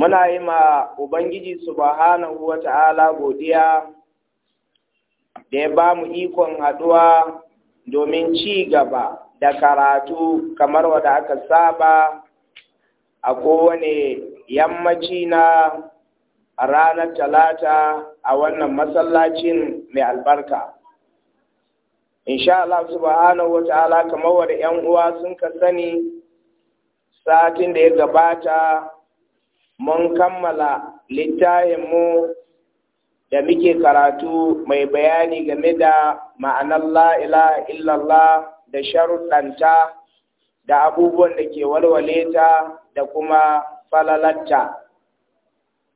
muna yi ma Ubangiji subhanahu wa ta'ala godiya da ya ba mu ikon haɗuwa domin ci gaba da karatu kamar wadda aka saba a kowane yammaci na ranar talata a wannan masallacin mai albarka. Insha Allah subhanahu wa ta'ala kamar wadda ‘yan uwa sun ka sani satin da ya gabata mun kammala littafinmu da muke karatu mai bayani game da ma'anar la'ila illallah da sharuɗanta da abubuwan da ke walwale ta da kuma falalatta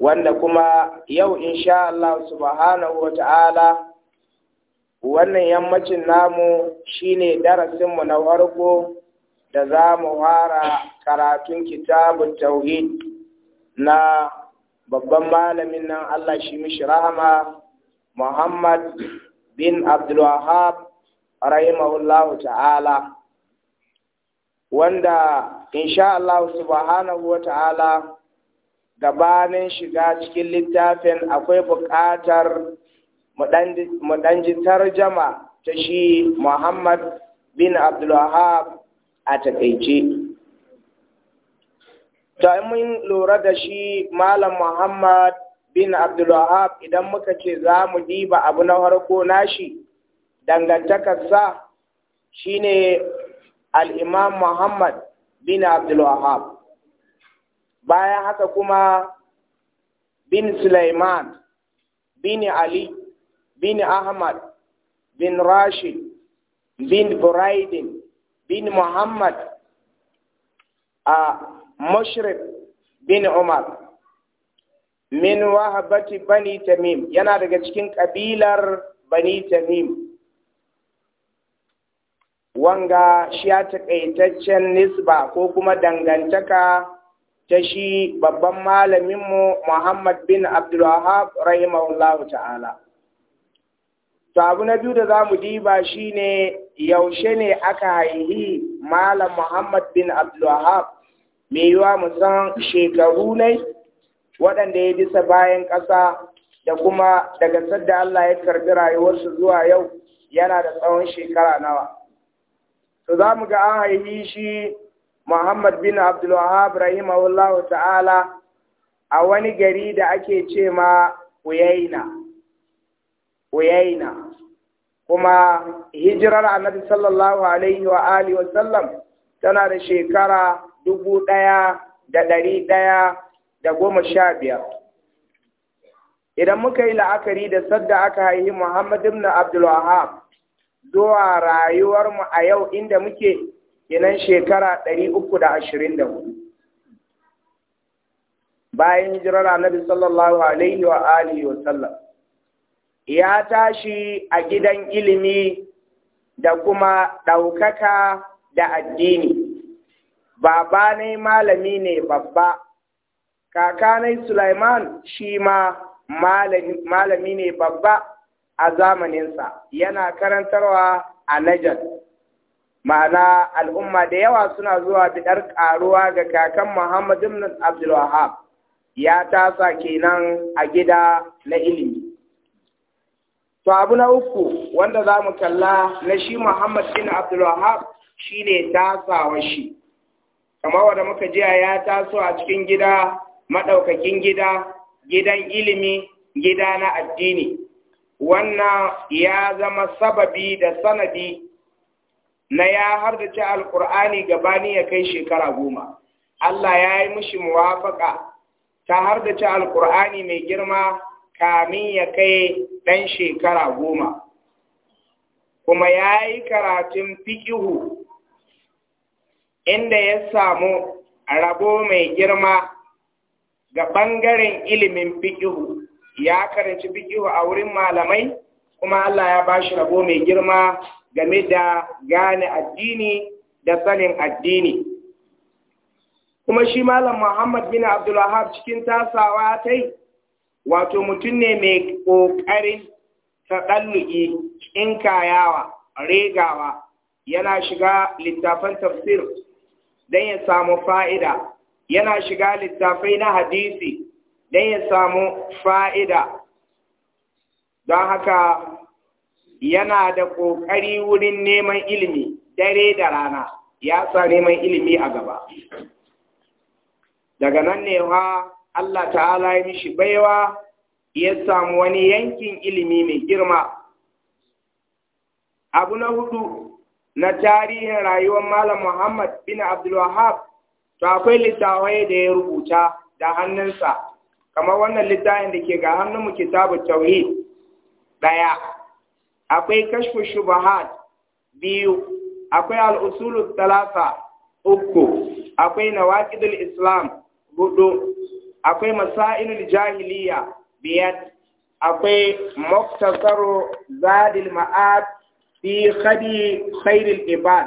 wanda kuma yau insha Allah subhanahu wa ta'ala wannan yammacin namu shine darasinmu na farko da za mu fara karatun kitabun tauhid na babban malamin nan Allah shi mishi rahama Muhammad bin Abdul Wahab rahimahullahu ta'ala wanda insha Allah subhanahu wa ta'ala gabanin shiga cikin littafin akwai buƙatar mu jama tarjama ta shi Muhammad bin Abdul Wahab a takaice. ta mun lura da shi malam muhammad bin abdulwahab idan muka ce za mu diba abu na farko nashi dangantakarsa shine al'imam muhammad bin abdulwahab bayan haka kuma bin Sulaiman, bin Ali, bin Ahmad, bin Rashid, bin Buraidin, bin Muhammad, a mushrik bin umar min wahabati bani tamim yana daga cikin kabilar bani tamim wanga shi ya taƙaitaccen nisba ko kuma dangantaka ta shi babban malaminmu muhammad bin abdulwahab rahimahullahu ta'ala to abu na biyu da za mu diba shine yaushe ne aka haihi malam muhammad bin abdulwahab mai yiwa mu san shekaru ne waɗanda ya bisa bayan ƙasa da kuma daga sadda Allah ya karɓi rayuwarsu zuwa yau yana da tsawon shekara nawa. To za mu ga an haihi shi Muhammad bin Abdulwahab rahimahullahu ta'ala a wani gari da ake ce ma Uyaina. Uyaina. Kuma hijirar Annabi sallallahu alaihi wa alihi wa sallam tana da shekara dubu ɗaya da ɗari ɗaya da goma sha biyar. Idan muka yi la'akari da sadda aka haihi Muhammad ibn Abdul zuwa rayuwarmu a yau inda muke kenan shekara ɗari uku da ashirin da hudu. Bayan hijirar Annabi sallallahu alaihi wa alihi wa sallam ya tashi a gidan ilimi da kuma ɗaukaka da addini. baba ne malami ne babba kaka ne Sulaiman shi ma malami ne babba a zamaninsa yana karantarwa a Najar ma'ana al'umma da yawa suna zuwa bidar ƙaruwa ga kakan Muhammadu Abdul ya tasa kenan a gida na ilimi to abu na uku wanda za mu kalla na shi Muhammad ibn shi ne shine tasawa shi kama wanda muka jiya ya taso a cikin gida maɗaukakin gida gidan ilimi gida na addini wannan ya zama sababi da sanadi na ya hardace alkur'ani gabani ya kai shekara goma Allah ya yi mushi muwafaka ta hardace alkur'ani mai girma kamin ya kai ɗan shekara goma kuma ya yi karatun fikihu inda ya samu rabo mai girma ga ɓangaren ilimin fiƙihu ya karanci fiƙihu a wurin malamai kuma Allah ya ba shi rabo mai girma game da gane addini da sanin addini kuma shi malam Muhammad bin Abdulwahab cikin tasawa ta yi wato mutum ne mai ƙoƙarin taɗalluki, ƙinkayawa, regawa yana shiga littafan tafsir don ya samu fa'ida yana shiga littafai na hadisi don ya samu fa'ida don haka yana da ƙoƙari wurin neman ilimi dare da rana ya sa neman ilimi a gaba daga nan ne wa Allah ta'ala ya mishi baiwa ya samu wani yankin ilimi mai girma abu na hudu na tarihin rayuwar Malam Muhammad bin Abdul Wahab to akwai littafai da ya rubuta da hannunsa kamar wannan littafin da ke ga hannunmu kitabu tauhid daya akwai kashfu shubahat biyu akwai al'usulu talata uku akwai nawaqidul islam hudu akwai masailul jahiliya biyar akwai muktasaru zadil ma'ad fi khadi khairul ibad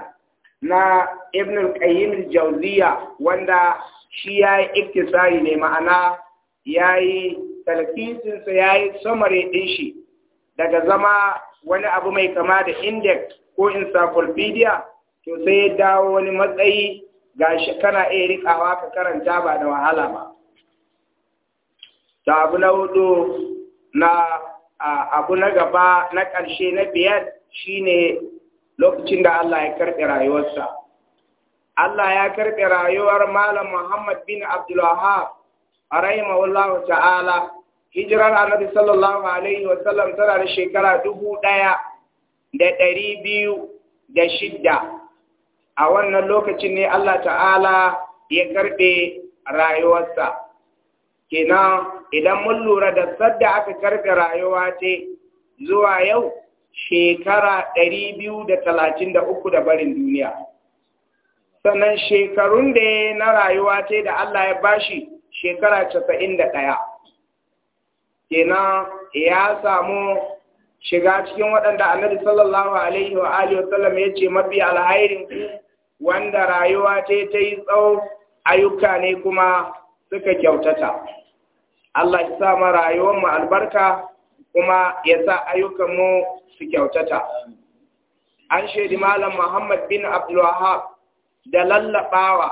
na ibn al Jauziya, al-jawziya wanda shi yayi iktisari ne ma'ana yayi talqisin sa yayi summary din shi daga zama wani abu mai kama da index ko encyclopedia to sai ya dawo wani matsayi gashi kana iya rikawa ka karanta ba da wahala ba ta abu na hudu na abu na gaba na ƙarshe na biyar Shi ne lokacin da Allah ya karɓe rayuwarsa Allah ya karɓe rayuwar Malam Muhammad bin a rahima rahimahullahu ta'ala hijirar Annabi sallallahu alaihi wa tana da shekara dubu ɗaya da ɗari biyu da shidda a wannan lokacin ne Allah ta'ala ya karɓe rayuwarsa kenan idan mun lura da sadda aka karɓe rayuwa ce zuwa yau shekara ɗari biyu da talatin da uku da barin duniya sannan shekarun da ya na rayuwa ce da Allah ya bashi shekara casa'in da ɗaya ya samu shiga cikin waɗanda annabi sallallahu alaihi wa alihi wasallam ya ce mafi alhairin wanda rayuwa ce ta yi tsawo ayyuka ne kuma suka kyautata Allah ya sa ma rayuwar mu albarka kuma ya sa ayyukanmu su kyautata. An shaidi Malam Muhammad bin Abdulwahab da lallaɓawa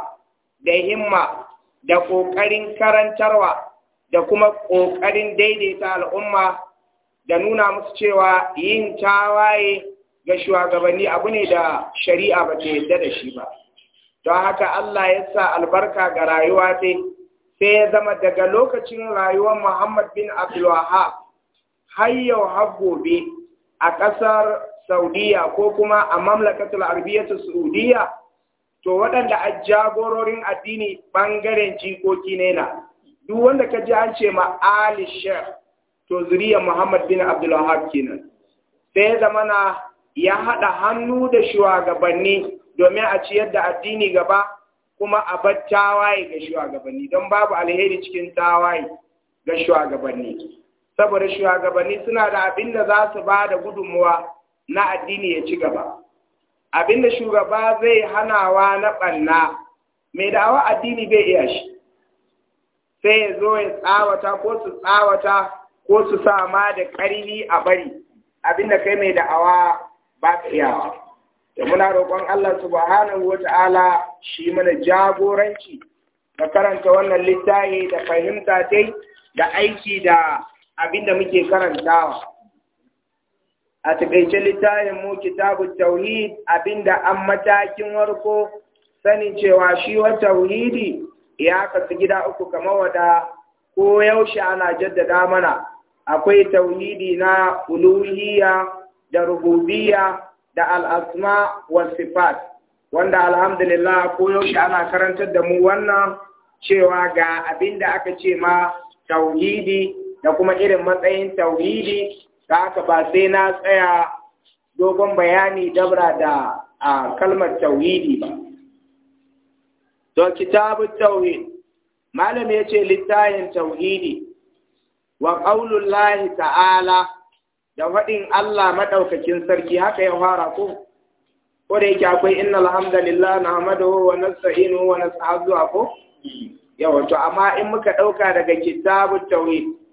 da himma da ƙoƙarin karantarwa da kuma ƙoƙarin daidaita al'umma da nuna musu cewa yin tawaye ga shugabanni abu ne da shari'a ba ta yadda da shi ba. Don haka Allah ya sa albarka ga rayuwa sai ya zama daga lokacin rayuwar Muhammad bin Abdulwahab har yau har gobe a ƙasar Saudiya ko kuma a mamlakatul arbiyatu Saudiya to waɗanda a addini ɓangaren jikoki ne na duk wanda ka ji an ce ma Ali Sheikh to zuriyar Muhammad bin abdulwahab kenan sai zamana ya haɗa hannu da shugabanni domin a ciyar da addini gaba kuma a bar tawaye ga shugabanni don babu alheri cikin tawaye ga shugabanni saboda shugabanni suna da abin da za su ba da gudunmuwa na addini ya ci gaba abin da shugaba zai hanawa na ɓanna mai dawa addini bai iya shi sai ya zo ya tsawata ko su tsawata ko su sama da ƙarni a bari abin da kai mai da'awa ba ka da muna roƙon Allah subhanahu wa ta'ala shi mana jagoranci da karanta wannan littafi da fahimta dai da aiki da abinda muke karantawa a takaice littafin mu kitabut tauhid abinda an matakin warko sanin cewa shi wa tauhidi ya kasu gida uku kamar wada ko yaushe ana jaddada mana akwai tauhidi na uluhiyya da rububiyya da al'asma wa sifat wanda alhamdulillah ko yaushe ana karantar da mu wannan cewa ga abinda aka ce ma tauhidi da kuma irin matsayin tauhidi da haka ba sai na tsaya dogon bayani dabra da a kalmar tauhidi ba to kitabut tauhid malam ce littafin tauhidi wa lahi ta'ala da faɗin Allah madaukakin sarki haka ya fara ko ko da yake akwai innal hamdalillah nahmaduhu wa nasta'inuhu wa nasta'inu ko mm. yawa to amma in muka ɗauka daga kitabut tauhid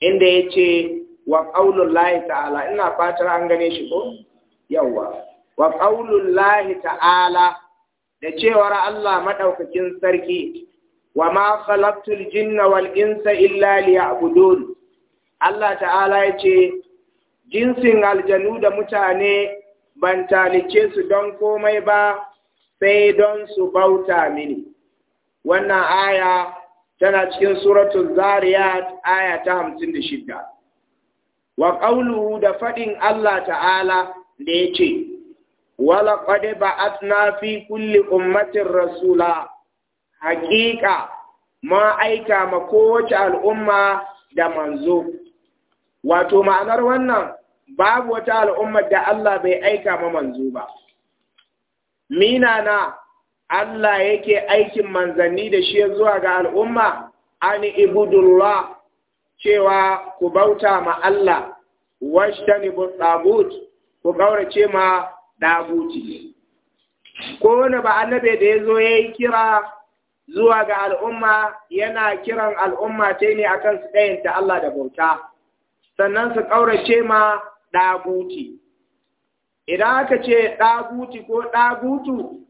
inda ya ce wa lahi ta'ala ina fatar an gane shi ko yawwa. wa lahi ta'ala da cewar Allah maɗaukakin sarki wa ma khalaqtul jinna wal insa illa liya'budun Allah ta'ala ya ce jinsin aljanu da mutane ban talice su don komai ba sai don su bauta mini wannan aya tana cikin suratul zariyat aya ta hamsin da shida wa ƙauluhu da faɗin Allah ta'ala da ya ce wala ƙwade fi kulli ummatin rasula haƙiƙa ma aika ma kowace al'umma da manzo wato ma'anar wannan babu wata al'ummar da Allah bai aika ma manzo ba mina na Allah yake aikin manzanni da shi zuwa ga al'umma an ibudullah cewa ku bauta ma Allah washtani bu sabut, ku ƙaurace ma ɗab'uti. ko wani ba annabe da yazo yayi kira zuwa ga al'umma yana kiran al'umma ta ne akan su ɗayanta Allah da bauta sannan su ƙaurace ma ɗaguti idan aka ce ɗaguti ko ɗab'utu?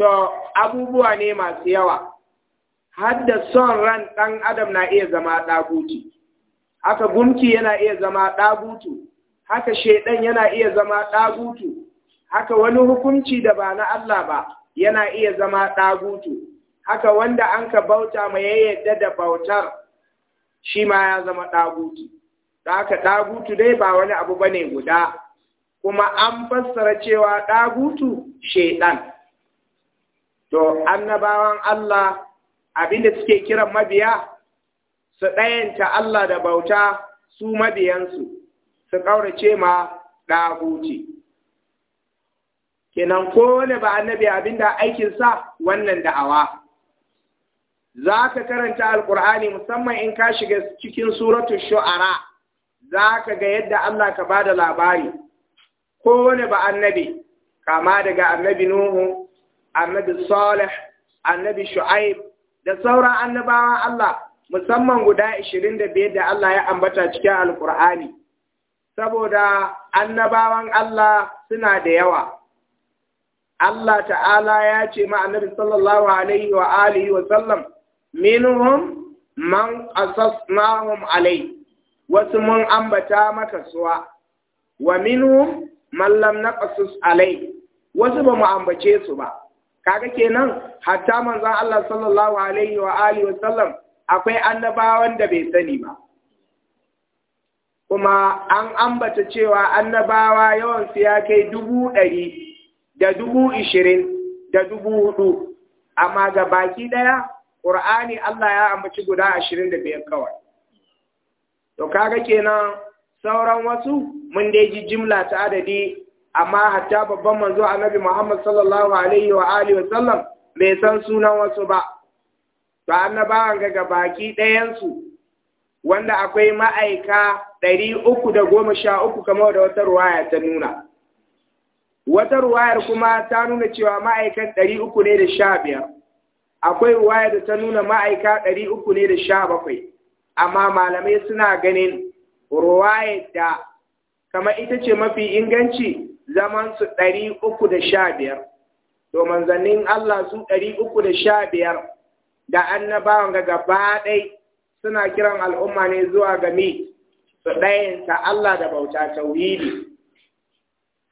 to abubuwa ne masu yawa hadda son ran ɗan adam na iya zama ɗaguti haka gumki yana iya zama ɗagutu haka shaidan yana iya zama ɗagutu haka wani hukunci da ba na Allah ba yana iya zama ɗagutu haka wanda an ka bauta mai yadda da bautar shi ma ya zama ɗaguti da haka ɗagutu dai ba wani abu bane guda kuma an fassara cewa ɗagutu shaidan to annabawan Allah abinda suke kiran mabiya su ɗayanta Allah da bauta su mabiyansu su ƙaurace ma ɗaguci kenan kowane ba annabi abinda sa wannan da'awa za ka karanta alkur'ani musamman in ka shiga cikin suratu shu'ara za ka ga yadda Allah ka ba da labari kowane ba annabi kama daga annabi Nuhu annabi Salih, annabi Shu'aib da sauran annabawan Allah musamman guda 25 da Allah ya ambata cikin Alƙur'ani. Saboda annabawan Allah suna da yawa. Allah ta'ala ya ce ma annabi sallallahu alaihi wa alihi wa sallam minhum man qasasnahum alai wasu mun ambata maka suwa wa minhum man lam naqasus alai wasu ba mu ambace su ba kaga kenan hatta manzon Allah sallallahu alaihi wa alihi wa sallam akwai annabawan da bai sani ba kuma an ambata cewa annabawa yawan su ya kai dubu ɗari da dubu ishirin da dubu hudu amma ga baki ɗaya ƙur'ani Allah ya ambaci guda ashirin da biyar kawai to kaga kenan sauran wasu mun dai ji jimla ta adadi amma hatta babban manzo annabi Muhammad sallallahu alaihi wa alihi wa sallam bai san sunan wasu ba to annabawan ga gabaki ɗayan su wanda akwai ma'aika ɗari uku da goma sha uku kamar da wata ruwaya ta nuna wata ruwayar kuma ta nuna cewa ma'aikan ɗari uku ne da sha biyar akwai ruwaya da ta nuna ma'aika ɗari uku ne da sha bakwai amma malamai suna ganin ruwayar da kama ita ce mafi inganci zaman su ɗari uku da sha biyar to manzannin Allah su ɗari uku da sha biyar da annabawan ga gaba ɗai suna kiran al'umma ne zuwa ga mi su ɗayinta Allah da bauta tauhidi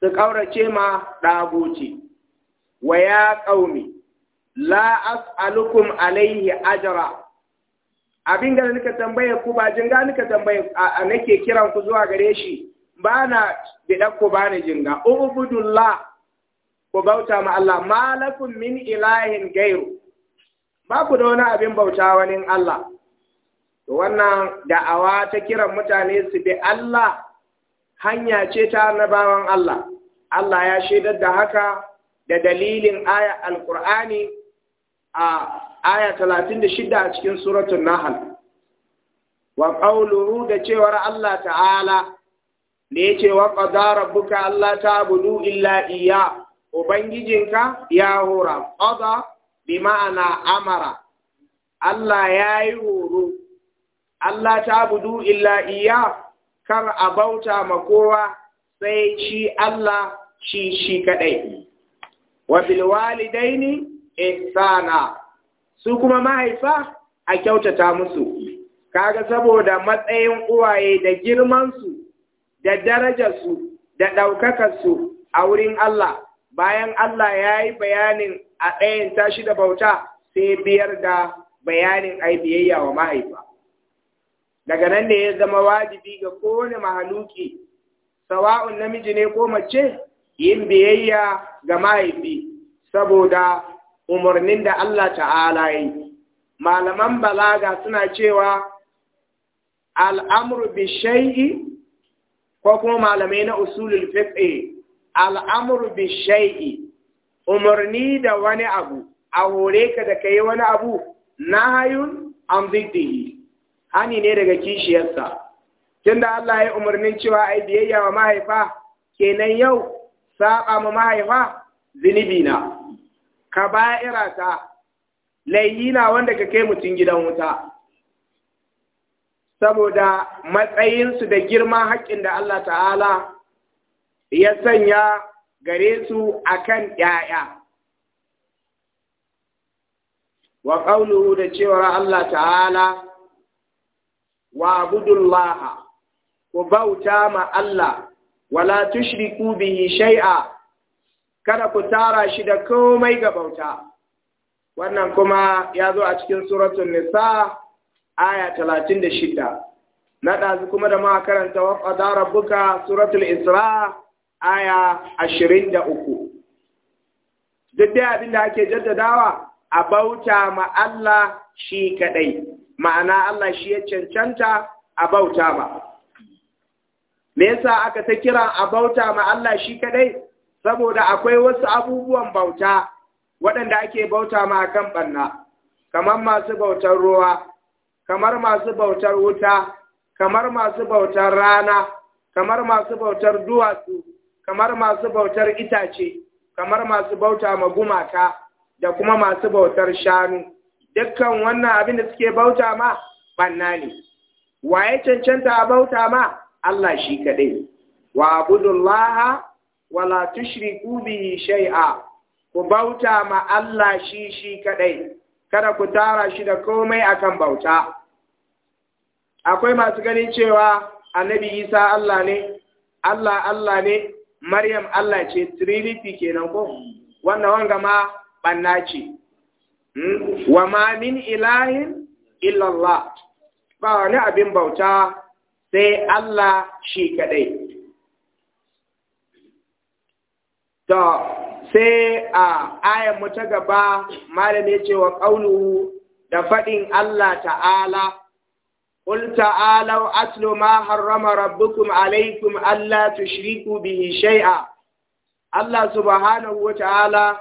su ƙaurace ma ɗagoci wa ya ƙaumi la as'alukum alaihi Ajara. abin da nika tambaye ku ba jin ga nika tambaye nake kiran ku zuwa gare shi bana na biɗa ku jinga ubudullah ku bauta ma Allah malakum min ilahin gairu ba ku da wani abin bauta wani Allah wannan da'awa ta kiran mutane su bi Allah hanya ce ta annabawan Allah Allah ya shaidar da haka da dalilin aya alqur'ani a aya 36 a cikin suratul nahl wa qawluhu da cewar Allah ta'ala Ne ya ce wa ƙadara Allah ta budu illa iya Ubangijinka ya hora, ƙada bi ma'ana amara, Allah ya yi horo, Allah ta budu illa iya kar a bauta ma kowa sai shi Allah shi shi kaɗai. Wa ne, ihsana su kuma mahaifa a kyautata musu, kaga saboda matsayin uwaye da girmansu da darajarsu da ɗaukakarsu a wurin Allah bayan Allah ya yi bayanin a ɗayan tashi da bauta sai biyar da bayanin ai biyayya wa mahaifa daga nan ne ya zama wajibi ga kowane mahaluki sawa'un namiji ne ko mace yin biyayya ga mahaifi saboda umarnin da Allah ta'ala yi malaman balaga suna cewa al'amru bishai’i ko kuma malamai na usulul fiqh al'amru bi shay'i umarni da wani abu a hore ka da kai wani abu nahayun an ziddihi hani ne daga kishiyarsa tunda Allah ya umarnin cewa ai biyayya wa mahaifa kenan yau saba ma mahaifa zinibi na kaba'ira ta layyina wanda ka kai mutum gidan wuta saboda matsayinsu da girma haƙƙin da Allah ta'ala ya sanya gare su akan ‘ya'ya. Wa ƙaunuhu da cewar Allah ta'ala wa abudullaha ku bauta ma Allah wala tushriku bihi shai'a kada ku tara shi da komai ga bauta. Wannan kuma ya zo a cikin suratun nisa aya talatin da shida na ɗazu kuma da ma karanta wa ƙadara buka suratul isra aya ashirin da uku duk dai abin da ake jaddadawa a bauta ma Allah shi kaɗai ma'ana Allah shi ya cancanta a bauta ba. me yasa aka ta kira a bauta ma Allah shi kaɗai saboda akwai wasu abubuwan bauta waɗanda ake bauta ma akan ɓanna kamar masu bautar ruwa kamar masu bautar wuta kamar masu bautar rana kamar masu bautar duwatsu kamar masu bautar itace kamar masu bauta ma gumata, da kuma masu bautar shanu dukkan wannan abin da suke bauta ma banna ne waye cancanta a bauta ma Allah shi kaɗai wa abudullaha wala tushriku bihi shay'a ku bauta ma Allah shi shi kaɗai kada ku tara shi da komai akan bauta akwai masu ganin cewa annabi isa Allah ne Allah Allah ne Maryam Allah ce Trinity kenan ko wannan wanga ma banna ce hmm? wa ma min ilahin illallah ba wani abin bauta sai Allah shi kadai to sai a ayan mu ta gaba malam ya ce wa qauluhu da faɗin Allah ta'ala قل تعالوا أتل ما حرم ربكم عليكم ألا تشركوا به شيئا الله سبحانه وتعالى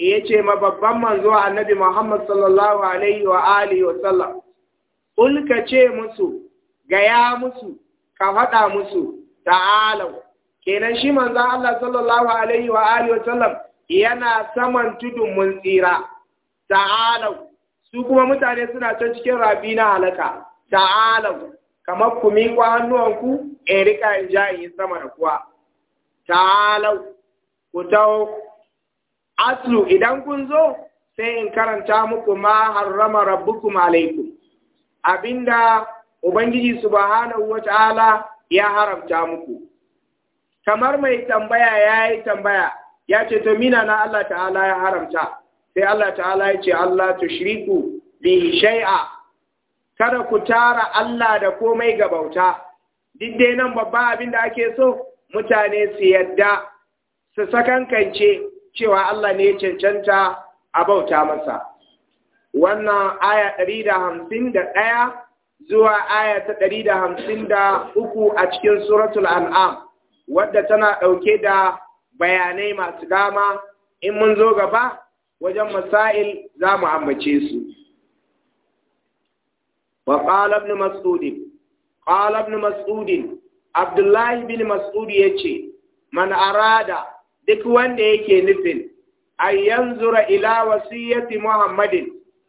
yace ma babban manzo annabi Muhammad sallallahu alaihi wa alihi wa ce musu gaya musu ka faɗa musu ta'alau kenan shi manzo Allah sallallahu alaihi wa alihi yana saman tudun mun ta'alau su kuma mutane suna ta cikin rabi na halaka ta'alau kamar ku miƙo hannuwanku in rika in ja in yi sama da kuwa ta'alau ku taho aslu idan kun zo sai in karanta muku ma harrama rabbukum alaikum abinda ubangiji subhanahu ta'ala ya haramta muku kamar mai tambaya ya yi tambaya ya ce to mina na Allah ta'ala ya haramta sai Allah ta'ala ya ce Allah tushriku bi shay'a kada ku tara Allah da komai ga bauta duk dai nan babba abin da ake so mutane su yadda su sakankance cewa Allah ne cancanta a bauta masa wannan aya ɗari da hamsin da ɗaya zuwa aya ta ɗari da hamsin da uku a cikin suratul an'am wadda tana ɗauke da bayanai masu dama in mun zo gaba wajen masail za mu ambace su وقال ابن مسعود قال ابن مسعود عبد الله بن مسعود يجي من أراد duk wanda yake nufin an ra'ila ila wasiyyati Muhammadin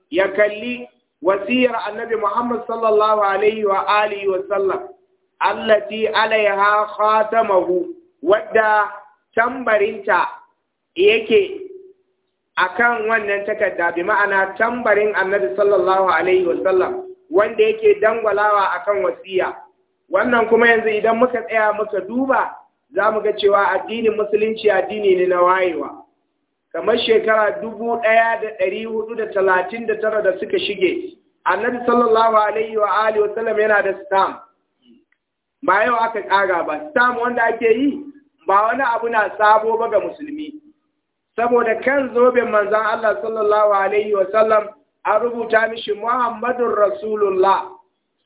ya kalli wasiyar annabi Muhammad sallallahu alaihi wa alihi wa sallam allati alaiha khatamahu wadda tambarinta yake kan wannan takarda bi ma'ana tambarin annabi sallallahu alaihi wa sallam wanda yake dangwalawa akan wasiya wannan kuma yanzu idan muka tsaya muka duba za mu ga cewa addinin musulunci addini ne na wayewa kamar shekara dubu ɗaya da da suka shige annabi sallallahu alaihi wa alihi wasallam yana da stam ba yau aka ƙara ba stam wanda ake yi ba wani abu na sabo ba ga musulmi saboda kan zoben manzon Allah sallallahu alaihi wa sallam. an rubuta mishi Muhammadun Rasulullah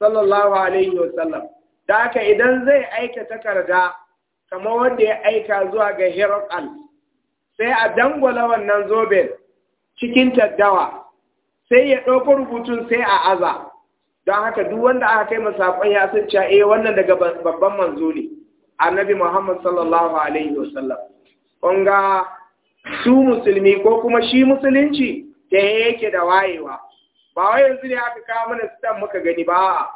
sallallahu alaihi wasallam da haka idan zai aika takarda kamar wanda ya aika zuwa ga Herakal sai a dangwala wannan zoben cikin taddawa sai ya ɗauko rubutun sai a aza don haka duk wanda aka kai masakon ya san cewa eh wannan daga babban manzo ne annabi Muhammad sallallahu alaihi wasallam kun su musulmi ko kuma shi musulunci da yake da wayewa ba wai yanzu ne aka kawo mana sitan muka gani ba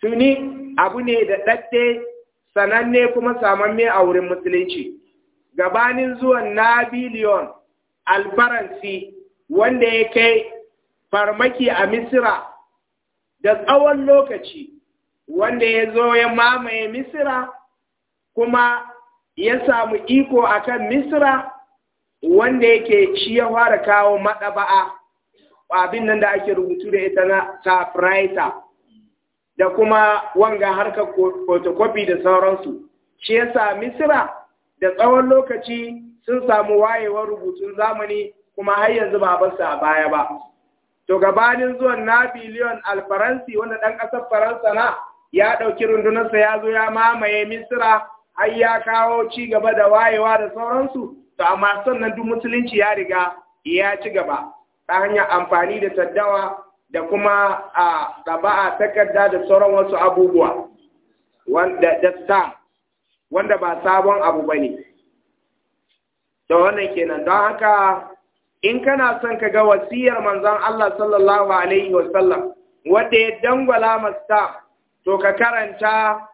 tuni abu ne da ɗaɗɗe sananne kuma me a wurin musulunci gabanin zuwan biliyon alfaransi wanda ya kai farmaki a misira da tsawon lokaci wanda ya zo ya mamaye misira kuma ya samu iko akan misira wanda yake shi ya fara kawo maɗaba'a abin nan da ake rubutu da ita na typewriter da kuma wanga harkar photocopy da sauransu shi ya yasa misira da tsawon lokaci sun samu wayewar rubutun zamani kuma har yanzu ba basu a baya ba to gabanin zuwan biliyon Alfaransi wanda ɗan ƙasar Faransa na ya ɗauki rundunarsa ya zo ya mamaye Misira har ya kawo ci gaba da wayewa da sauransu to amma sannan duk musulunci ya riga ya ci gaba ta hanyar amfani da saddawa da kuma a ɗaba'a takarda da sauran wasu abubuwa wanda da wanda ba sabon abu ba ne da wannan kenan don haka in kana son ka ga wasiyar manzon Allah sallallahu alaihi wasallam wanda ya dangwala masta to ka karanta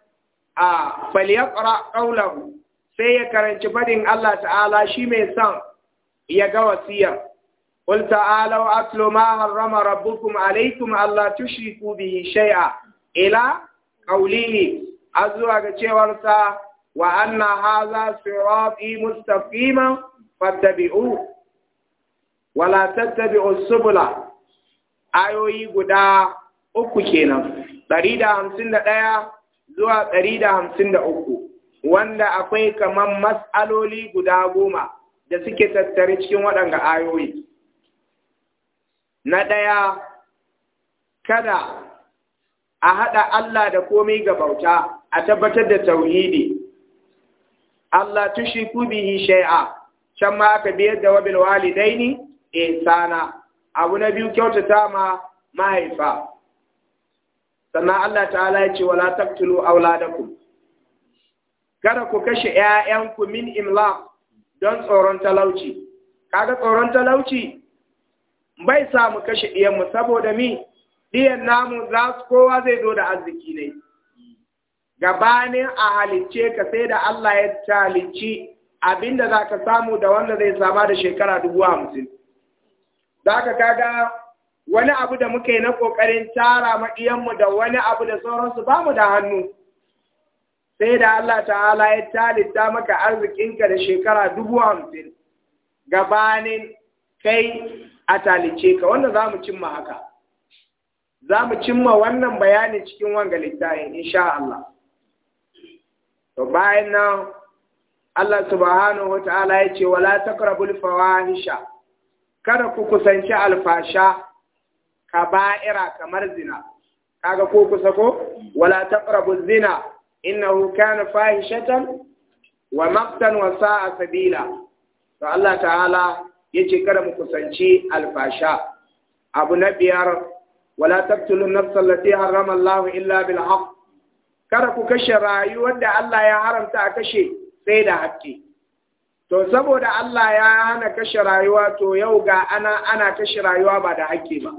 a falyaqra qawlahu sai ya karanci fadin Allah ta'ala shi mai son ya ga wasiya. Kul ta'ala wa atlu ma harrama rabbukum alaikum Allah tushriku bihi shay'a ila qawlihi azwa ga cewar sa wa anna hadha sirati mustaqima fattabi'u wa la tattabi'u subula ayoyi guda uku kenan 151 zuwa 153 wanda akwai kamar mas'aloli guda goma da suke tattare cikin waɗanga ayoyi. Na ɗaya, kada a haɗa Allah da komai ga bauta a tabbatar da tauhidi. Allah tushi bihi shai'a, can ma aka biyar da wabil walidaini insana, Abu na biyu kyautata ma mahaifa. Sannan Allah ta ala ya ce wala taqtulu auladakum kada ku kashe ‘ya'yanku min imla don tsoron talauci, kaga tsoron talauci bai sa mu kashe ɗiyanmu saboda mi ɗiyan namu za su kowa zai zo da arziki ne. Gabanin a halicce ka sai da Allah ya talici abinda za ka samu da wanda zai sama da shekara dubu hamsin. Za ka kaga wani abu da muka yi na ƙoƙarin tara mu da wani abu da sauransu ba mu da hannu. sai da Allah ta'ala ya talita maka arzikinka da shekara dubu hamsin gabanin kai a talice ka wanda za mu cimma haka za mu cimma wannan bayanin cikin wanga littafin insha Allah to bayan nan Allah subhanahu wa ta'ala ya ce wala taqrabul fawahisha kada ku kusanci alfasha kaba'ira kamar zina kaga ko kusa ko wala taqrabuz zina innahu kana fahishatan wa maqtan wasa a sabila to Allah ta'ala yace kada mu kusanci alfasha abu na biyar wala taqtulu nafsa allati harrama Allah illa bil haqq kada ku kashe rayuwar da Allah ya haramta a kashe sai da haƙƙi to saboda Allah ya hana kashe rayuwa to yau ga ana ana kashe rayuwa ba da haƙƙi ba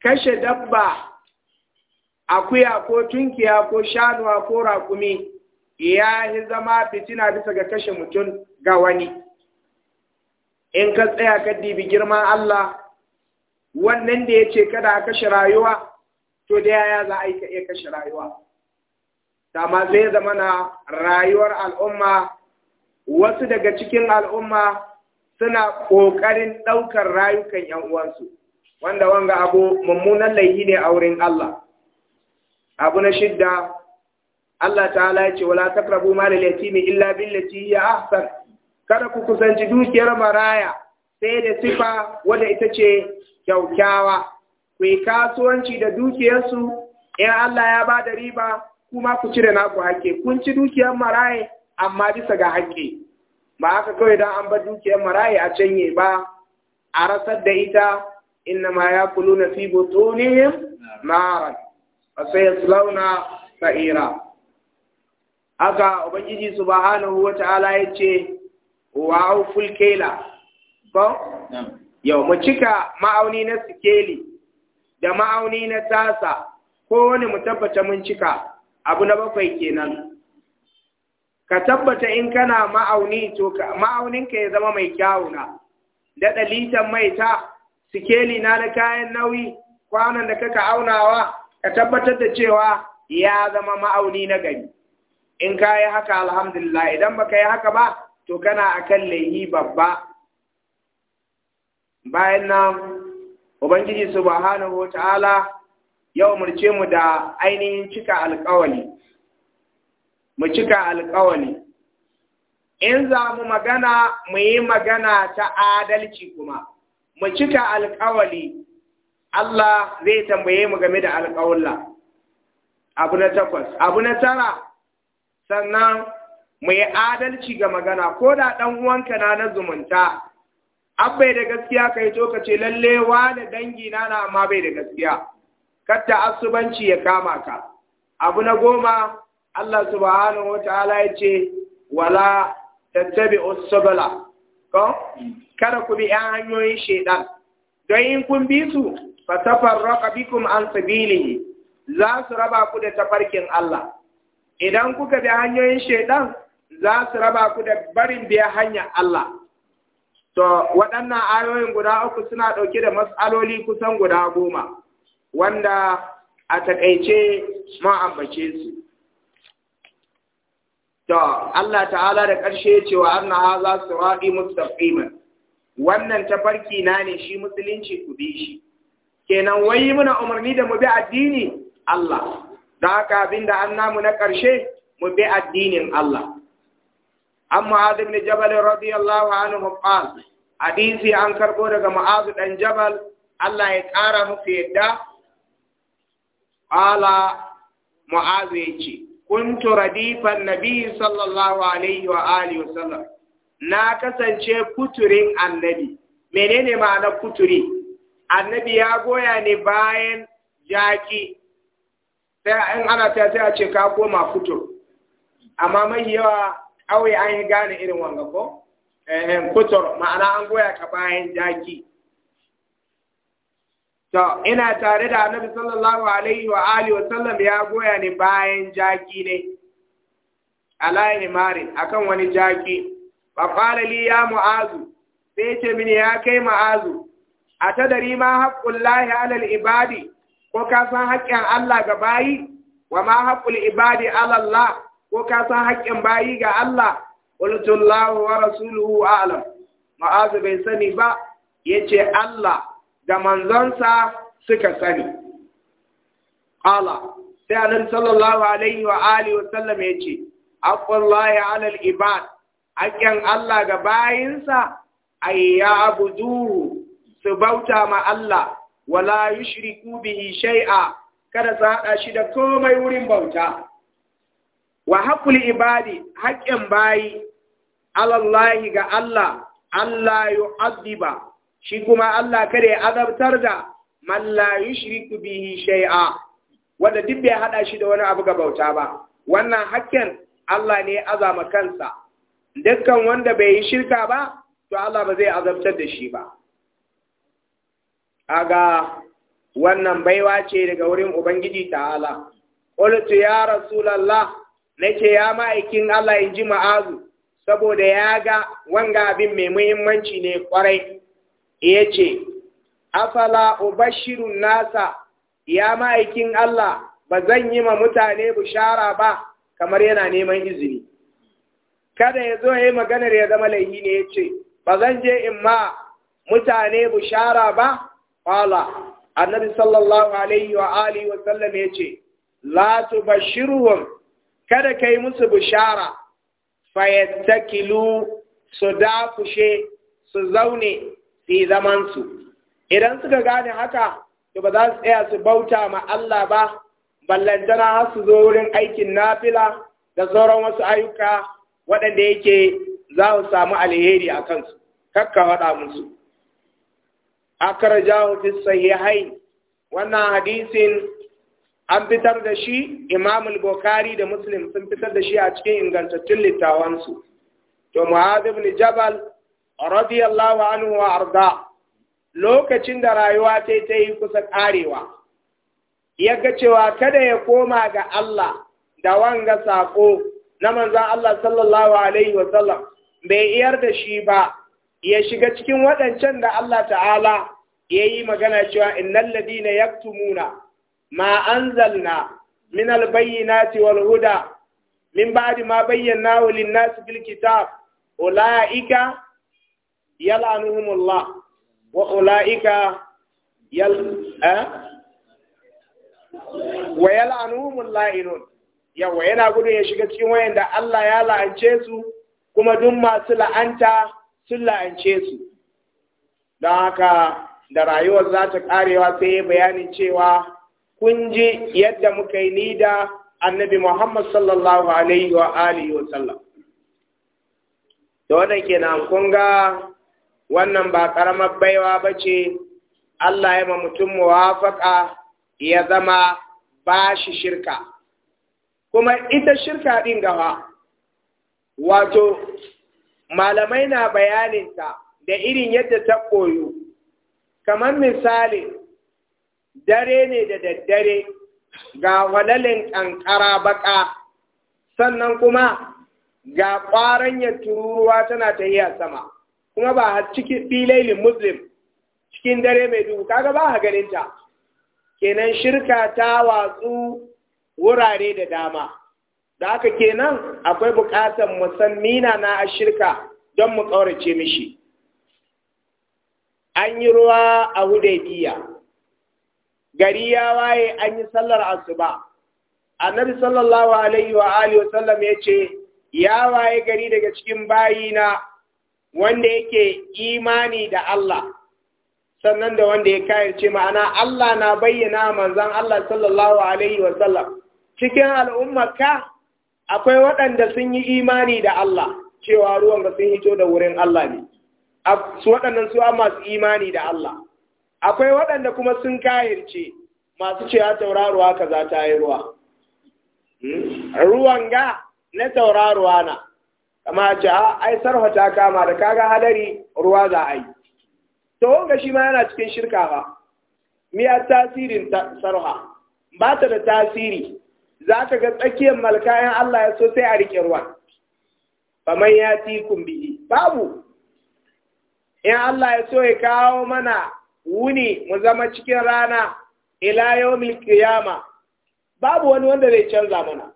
kashe dabba akuya ko tunkiya ko shanuwa ko raƙumi ya yi zama fitina bisa ga kashe mutum ga wani in ka tsaya ka dibi girman Allah wannan da ya ce kada a kashe rayuwa to da yaya za a yi ka iya kashe rayuwa dama zai zama na rayuwar al'umma wasu daga cikin al'umma suna ƙoƙarin ɗaukar rayukan ‘yan uwansu wanda wanga abu mummunan laihi ne a wurin Allah abu na shidda Allah ta'ala ya ce wala taqrabu mal al-yatimi illa billati hiya ahsan kada ku kusanci dukiyar maraya sai da sifa wanda ita ce kyaukyawa ku kasuwanci da dukiyarsu in Allah ya ba da riba kuma ku cire naku hakke kun ci dukiyar maraya amma bisa ga hakke ba haka kawai dan an bar dukiyar maraya a canye ba a rasar da ita inna ma yakuluna fi butunihim sayaslawna sa'ira aka ubangiji subhanahu ya yace wa auful kaila ba yau mu cika ma'auni na sikeli da ma'auni na tasa ko wani mu tabbata mun cika abu na bakwai kenan ka tabbata in kana ma'auni to ma'auninka ya zama mai kyawuna da litan mai ta sikeli na da kayan nauyi kwanan da kaka aunawa ka tabbatar da cewa ya zama ma'auni na gari in ka yi haka alhamdulillah idan baka yi haka ba to kana a kan laihi babba bayan nan ubangiji subhanahu wa ta'ala ya umarce mu da ainihin cika alkawali mu cika alkawali in za mu magana mu yi magana ta adalci kuma mu cika alkawali Allah zai tambaye mu game da alƙawulla abu na takwas abu na tara sannan mu yi adalci ga magana ko da ɗan uwanka na na zumunta an bai da gaskiya yi to ka ce lalle da dangi na na amma bai da gaskiya katta asubanci ya kama ka abu na goma Allah subhanahu wa ta'ala ya ce wala tattabi usbala ko kada ku bi yan hanyoyin shaidan don in kun bi su fatafarraqa bikum an sabilihi za su raba ku da tafarkin Allah idan kuka bi hanyoyin shaidan za su raba ku da barin biya hanya Allah to waɗannan ayoyin guda uku suna ɗauke da matsaloli kusan guda goma wanda a takaice ma ambace su To, Allah ta'ala da ƙarshe cewa wa na haza su raɗi mustaqiman wannan tafarki na ne shi musulunci ku bi shi, kenan wai muna umarni da mu bi addini Allah da haka abinda an namu na ƙarshe mu bi addinin Allah an mu'adh ibn jabal radiyallahu anhu qal hadisi an karbo daga mu'adh dan jabal Allah ya ƙara muku yadda qala mu'adh yace kuntu radifan nabi sallallahu alaihi wa alihi wa sallam na kasance kuturin annabi menene ma'anar kuturi annabi ya goya ne bayan jaki sai in ana ta sai a ce ka koma kutur amma mai yawa ƙauye an yi gane irin wanga ko kutur ma'ana an goya ka bayan jaki to ina tare da annabi sallallahu alaihi wa alihi wa sallam ya goya ne bayan jaki ne alayhi mari akan wani jaki fa qala li ya mu'azu sai ce mini ya kai mu'azu a ta dari ma haƙƙun lahi alal ibadi ko ka san haƙƙin Allah ga bayi wa ma haƙƙun ibadi alallah ko ka san haƙƙin bayi ga Allah qultullahu wa rasuluhu a'lam ma'azu bai sani ba yace Allah da manzonsa suka sani Ƙala, sai annabi sallallahu alaihi wa alihi wa sallam ya yace aqullahi alal ibad haƙƙin Allah ga bayinsa ayyabuduhu su bauta ma Allah wala yushriku bihi shay'a kada su haɗa shi da komai wurin bauta wa haqqul ibadi haƙƙin bayi alallahi ga Allah Allah yu'adhiba shi kuma Allah kada ya azabtar da man la yushriku bihi shay'a wanda duk bai haɗa shi da wani abu ga bauta ba wannan haƙƙin Allah ne azama kansa dukkan wanda bai yi shirka ba to Allah ba zai azabtar da shi ba aga wannan baiwa ce daga wurin ubangiji ta'ala olutu ya lalla nake ya ma'aikin Allah in ji ma'azu saboda ya ga wanga abin mai muhimmanci ne kwarai ya ce afala ubashirun nasa ya ma'aikin Allah ba zan yi ma mutane bushara ba kamar yana neman izini kada ya zo ya yi maganar ya zama laihi ne ya ce ba zan je in ma mutane bushara ba Fala, annabi sallallahu alaihi wa alihi wa sallam ya ce, La tu bashiruhum, kada ka yi musu bishara, fayattakilu su dafushe su zaune su zamansu. Idan suka gane haka, to ba za su tsaya su bauta ma Allah ba, ballantana har su zo wurin aikin nafila da sauran wasu ayyuka waɗanda yake za su samu alheri a kansu, kakka faɗa musu. Akara akrajahu fi sahihain wannan hadisin an fitar da shi Imam al-Bukhari da Muslim sun fitar da shi a cikin ingantattun littafansu, to Mu'adh ibn Jabal radiyallahu anhu wa arda lokacin da rayuwa ta ta yi kusa karewa ya ga cewa kada ya koma ga Allah da wanga sako na manzon Allah sallallahu alaihi wa sallam bai iyar da shi ba ya shiga cikin waɗancan da Allah ta'ala yayi magana cewa innal ladina yaktumuna ma anzalna min na wal huda min ba'di ma bayyanahu lin-nasi kitab ulaika yal'anuhumullah wa ulaika yal eh? wa yal'anuhumullah la'inun yawa yana gudu ya shiga cikin da Allah ya la'ance su kuma duk masu la'anta sun la'ance su don haka da rayuwar za ta karewa sai ya bayanin cewa kun ji yadda muka yi ni da annabi Muhammad sallallahu alaihi wa alihi wa sallam to wannan kenan kun ga wannan ba ƙaramar baiwa ba ce Allah ya ma mutum muwafaka ya zama ba shi shirka kuma ita shirka din gawa wato malamai na bayanin bayaninta da irin yadda ta koyo kamar misali dare ne da daddare ga walalin ƙanƙara baƙa sannan kuma ga ƙwaranyar tururuwa tana ta yi a sama kuma ba a cikin filailin muslim cikin dare mai duhu kaga ba a ganinta kenan shirka ta watsu wurare da dama da haka kenan akwai buƙatar musammina na shirka don mu ƙaurace mishi an yi ruwa a hudaybiya gari ya waye an yi sallar asuba annabi sallallahu alaihi wa alihi wa sallam yace ya waye gari daga cikin bayina wanda yake imani da Allah sannan da wanda ya kayarce ma'ana Allah na bayyana manzon Allah sallallahu alaihi wa sallam cikin al'ummarka akwai waɗanda sun yi imani da Allah cewa ruwan ga sun hito da wurin Allah ne su waɗannan su masu imani da Allah akwai waɗanda kuma sun kayarce masu cewa tauraruwa kaza ta yi ruwa hmm? ruwan ga na tauraruwa na kama ce ah, ai sarfa ta kama da kaga hadari ruwa za a yi to wanga shi ma yana cikin shirka ba miya tasirin sarha ba ta da tasiri za ka ga tsakiyar malkayan Allah ya so sai a rike ruwan faman ya ti kumbi, babu in Allah ya so ya kawo mana wuni mu zama cikin rana ila yawmil qiyama babu wani wanda zai canza mana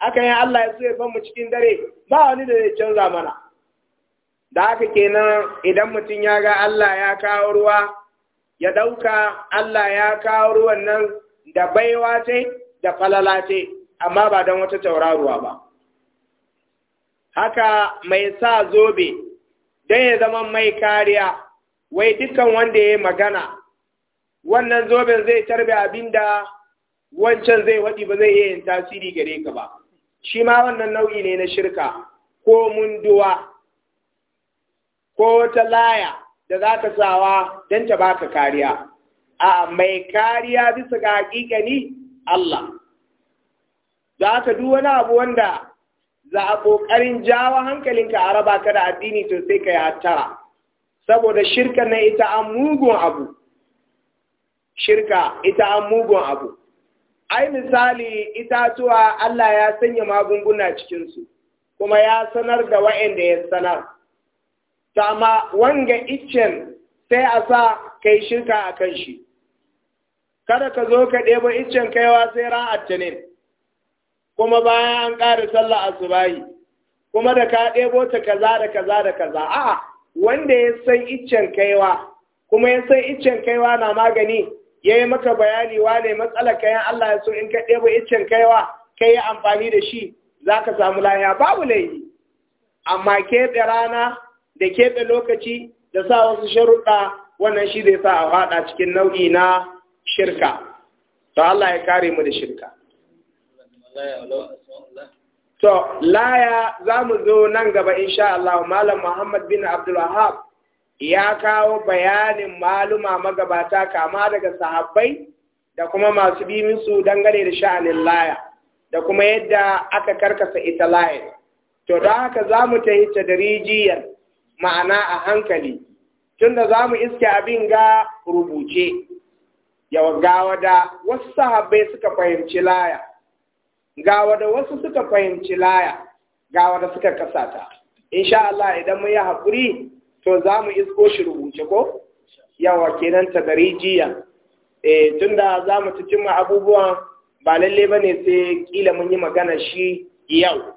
aka ya Allah ya so ya mu cikin dare ba wani da zai canza mana da haka kenan idan mutum ya ga Allah ya kawo ruwa ya dauka Allah ya kawo ruwan nan da baiwa ce da falala ce amma ba don wata tauraruwa ba haka mai sa zobe dan ya zama mai kariya wai dukkan wanda ya magana wannan zoben zai tarbe abinda wancan zai waɗi ba zai iya yin tasiri gare ka ba shi ma wannan nau'i ne na shirka ko munduwa ko ta laya da za ka sawa don ta baka kariya a mai kariya bisa ga hakikani Allah za ka duk wani abu wanda za a ƙoƙarin jawo hankalinka a raba ka da addini to sai ka yi hattara saboda shirka na ita an mugun abu shirka ita an mugun abu ai misali itatuwa Allah ya sanya magunguna cikinsu kuma ya sanar da wa'anda ya sanar ta amma wanga iccen sai a sa kai shirka a kan shi kada ka zo ka ɗebo iccen kaiwa sai ran attinin kuma bayan an ƙara sallah asubahi kuma da ka ɗebo ta kaza da kaza da kaza a'a wanda ya san iccen kaiwa kuma ya san iccen kaiwa na magani ya yi maka bayani wane matsalar kayan Allah ya so in ka ɗebo iccen kaiwa ka yi amfani da shi za ka samu lahiya babu laifi amma keɓe rana da keɓe lokaci da sa wasu sharuɗa wannan shi zai sa a faɗa cikin nau'i na shirka to Allah ya kare mu da shirka To, laya za mu zo nan gaba insha Allah, Malam Muhammad bin Abdulwahab ya kawo bayanin maluma magabata kama daga sahabbai da kuma masu musu dangane da sha'anin laya, da kuma yadda aka karkasa ita laya, To, don haka za mu ta hita da rijiyar ma'ana a hankali, tunda za mu iske abin ga rubuce, Yawan gawa da wasu sahabbai suka fahimci laya. ga wada wasu suka fahimci laya ga wada suka kasata insha Allah idan mun yi hakuri to za mu isko shi rubuce ko yawa kenan ta tadarijiya eh tunda za mu cimma abubuwan ba lalle bane sai kila mun yi magana shi yau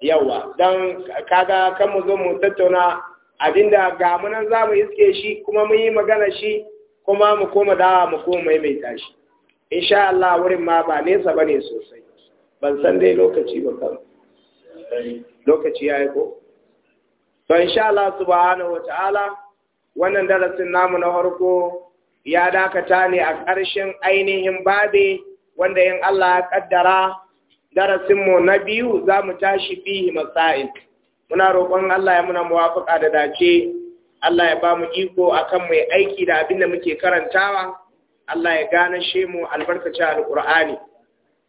yawa don kaga kan mu zo mu tattauna abinda ga munan za mu iske shi kuma mun yi magana shi kuma mu koma dawa mu koma maimaita shi insha Allah wurin ma ba nesa bane sosai ban san dai lokaci ba kan lokaci ya yi ko to insha Allah subhanahu wata'ala wannan darasin namu na farko ya dakata ne a ƙarshen ainihin babe wanda in Allah ya kaddara darasinmu na biyu za mu tashi fihi masa'il muna roƙon Allah ya muna muwafaka da dace Allah ya ba mu iko akan mai aiki da abin da muke karantawa Allah ya gane shemu albarkacin alƙur'ani